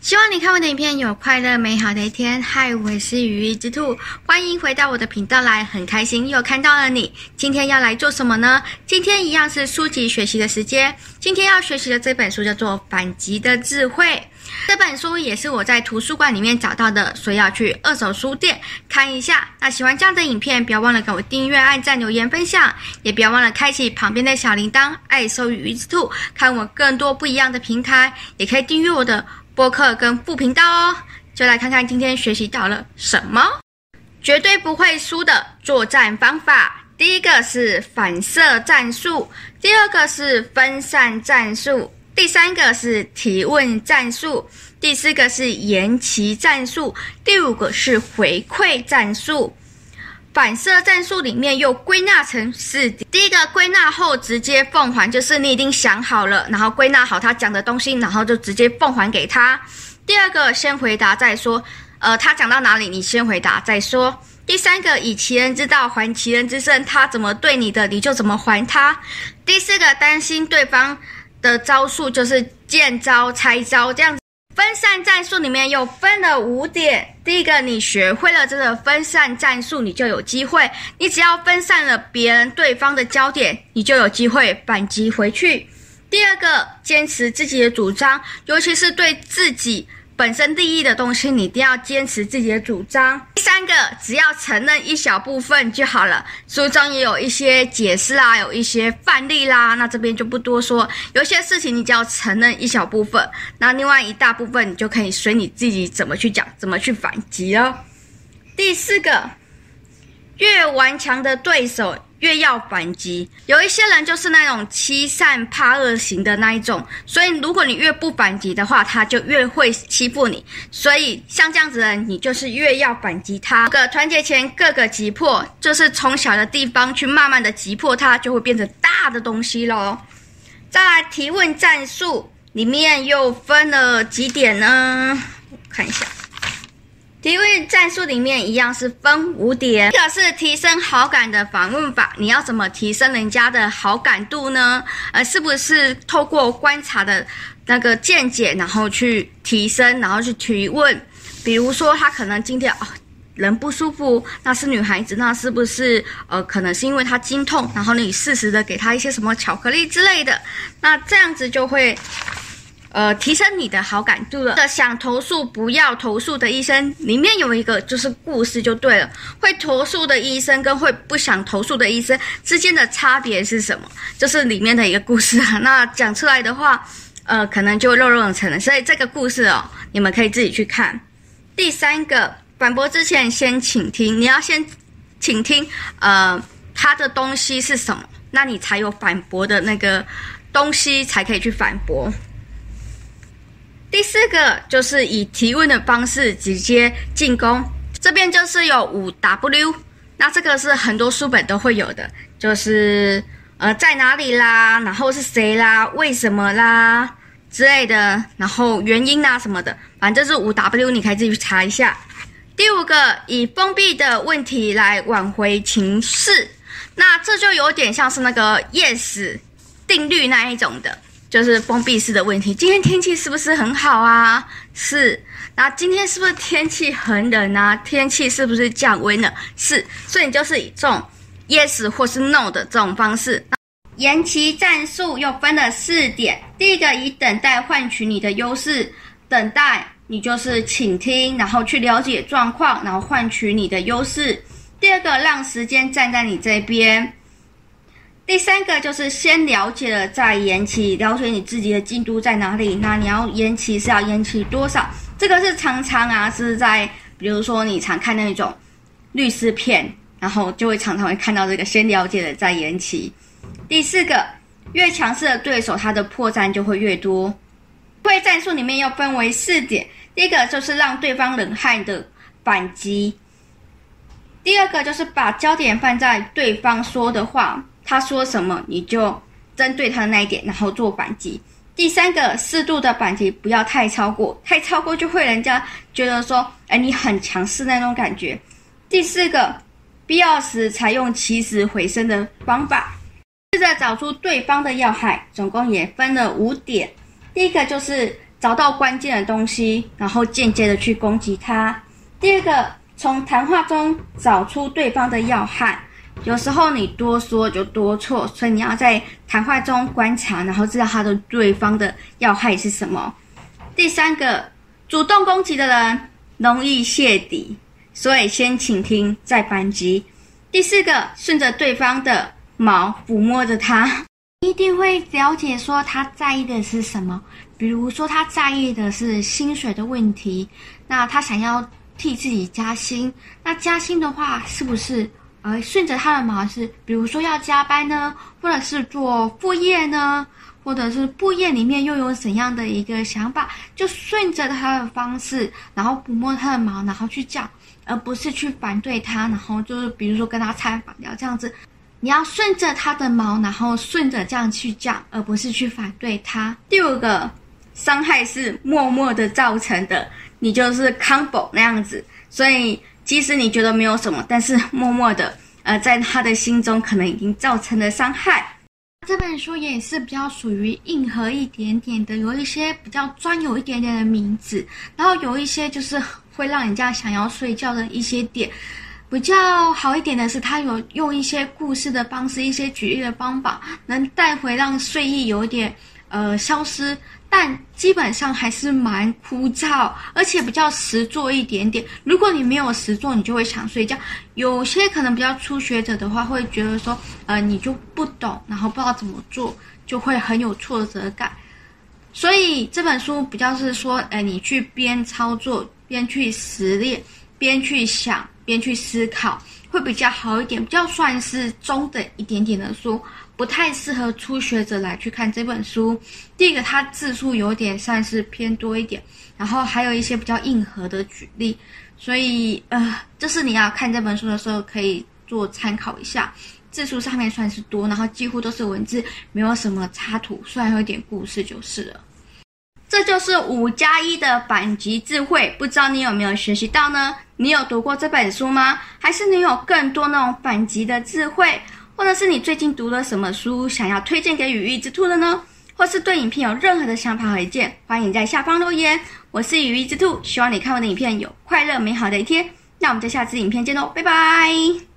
希望你看我的影片，有快樂美好的一天。嗨，我是羽翼之兔，歡迎回到我的頻道來，很開心又看到了你。今天要來做什麼呢？今天一樣是書籍學習的時間。今天要學習的這本書叫做《反擊的智慧》，這本書也是我在圖書館裡面找到的，所以要去二手書店看一下。那喜歡這樣的影片，不要忘了給我訂閱、按讚、留言、分享，也不要忘了開啟旁邊的小鈴鐺。愛收羽翼之兔，看我更多不一樣的平台，也可以訂閱我的。播客跟副頻道哦，就來看看今天學習到了什麼，絕對不會輸的作戰方法。第一個是反射戰術，第二個是分散戰術，第三個是提問戰術，第四個是延期戰術，第五個是回饋戰術。反射戰術裡面又歸納成四點：第一個，歸納後直接奉還，就是你已經想好了，然後歸納好他講的東西，然後就直接奉還給他；第二個，先回答再說，呃，他講到哪裡，你先回答再說；第三個，以其人之道還其人之身，他怎麼對你的，你就怎麼還他；第四個，擔心對方的招數就是見招拆招，這樣子。分散戰術裡面又分了五點。第一個，你學會了這個分散戰術，你就有機會。你只要分散了別人對方的焦點，你就有機會反擊回去。第二個，堅持自己的主張，尤其是對自己。本身利益的東西，你一定要堅持自己的主張。第三個，只要承認一小部分就好了。書中也有一些解釋啦，有一些範例啦，那這邊就不多說。有些事情你只要承認一小部分，那另外一大部分你就可以隨你自己怎麼去講，怎麼去反擊哦。第四個，越頑強的對手。越要反擊，有一些人就是那種欺善怕惡型的那一種，所以如果你越不反擊的話，他就越會欺負你。所以像這樣子的人，你就是越要反擊他。這個團結前各個擊破，就是從小的地方去慢慢的擊破他，就會變成大的東西嘍。再來提問戰術裡面又分了幾點呢？看一下。提問戰術裡面一樣是分五點，一個是提升好感的訪問法，你要怎麼提升人家的好感度呢？呃，是不是透過觀察的那個見解，然後去提升，然後去提問？比如說他可能今天哦人不舒服，那是女孩子，那是不是呃可能是因為她經痛，然後你適時的給她一些什麼巧克力之類的，那這樣子就會。呃，提升你的好感度了。想投訴不要投訴的醫生裡面有一個就是故事就對了。會投訴的醫生跟會不想投訴的醫生之間的差別是什麼？就是裡面的一個故事啊。那講出來的話，呃，可能就肉肉的成了。所以這個故事哦，你們可以自己去看。第三個，反駁之前先傾聽，你要先傾聽，呃，他的東西是什麼，那你才有反駁的那個東西才可以去反駁。第四個就是以提問的方式直接進攻，這邊就是有五 W，那這個是很多書本都會有的，就是呃在哪裡啦，然後是誰啦，為什麼啦之類的，然後原因啦什麼的，反正就是五 W，你可以自己去查一下。第五個，以封閉的問題來挽回情勢，那這就有點像是那個 yes 定律那一種的。就是封閉式的問題，今天天氣是不是很好啊？是。那今天是不是天氣很冷啊？天氣是不是降溫了？是。所以你就是以這種 yes 或是 no 的這種方式。延期戰術又分了四點，第一個以等待換取你的優勢，等待你就是傾聽，然後去了解狀況，然後換取你的優勢。第二個讓時間站在你這邊。第三個就是先了解了再延期，了解你自己的進度在哪裡，那你要延期是要延期多少？這個是常常啊，是在比如說你常看那種律師片，然後就會常常會看到這個先了解了再延期。第四個，越強勢的對手，他的破綻就會越多。回饋戰術裡面又分為四點，第一個就是讓對方冷汗的反擊，第二個就是把焦點放在對方說的話。他說什麼你就針對他的那一點，然後做反擊。第三個，適度的反擊，不要太超過，太超過就會人家覺得說，哎、欸，你很強勢那種感覺。第四個，必要時採用起死回生的方法，試着找出對方的要害。總共也分了五點，第一個就是找到關鍵的東西，然後間接的去攻擊他。第二個，從談話中找出對方的要害。有時候你多說就多錯，所以你要在談話中觀察，然後知道他的對方的要害是什麼。第三個，主動攻擊的人容易洩底，所以先傾聽再反擊。第四個，順着對方的毛撫摸着他，一定會了解說他在意的是什麼。比如說他在意的是薪水的問題，那他想要替自己加薪，那加薪的話是不是？而順着他的毛是，比如說要加班呢，或者是做副業呢，或者是副業裡面又有怎樣的一個想法，就順着他的方式，然後撫摸他的毛，然後去叫，而不是去反對他。然後就是，比如說跟他採訪聊，要這樣子，你要順着他的毛，然後順着這樣去叫，而不是去反對他。第五個傷害是默默的造成的，你就是 combo 那樣子，所以。即使你覺得沒有什麼，但是默默的，呃，在他的心中可能已經造成了傷害。這本書也是比較屬於硬核一點點的，有一些比較專有一點點的名字，然後有一些就是會讓人家想要睡覺的一些點。比較好一點的是，他有用一些故事的方式，一些舉例的方法，能帶回讓睡意有點。呃，消失，但基本上還是蠻枯燥，而且比較實做一點點。如果你沒有實做，你就會想睡覺。有些可能比較初學者的話，會覺得說，呃，你就不懂，然後不知道怎麼做，就會很有挫折感。所以這本書比較是說，呃，你去邊操作邊去實練，邊去想邊去思考，會比較好一點，比較算是中等一點點的書。不太適合初學者來去看這本書。第一個，它字數有點算是偏多一點，然後還有一些比較硬核的舉例，所以呃，這、就是你要看這本書的時候可以做參考一下。字數上面算是多，然後幾乎都是文字，沒有什麼插圖，雖然有點故事就是了。這就是五加一的反擊智慧，不知道你有沒有學習到呢？你有讀過這本書嗎？還是你有更多那種反擊的智慧？或者是你最近讀了什麼書，想要推薦給羽翼之兔的呢？或是對影片有任何的想法和意見，歡迎在下方留言。我是羽翼之兔，希望你看我的影片有快樂美好的一天。那我們就下次影片見嘍，拜拜。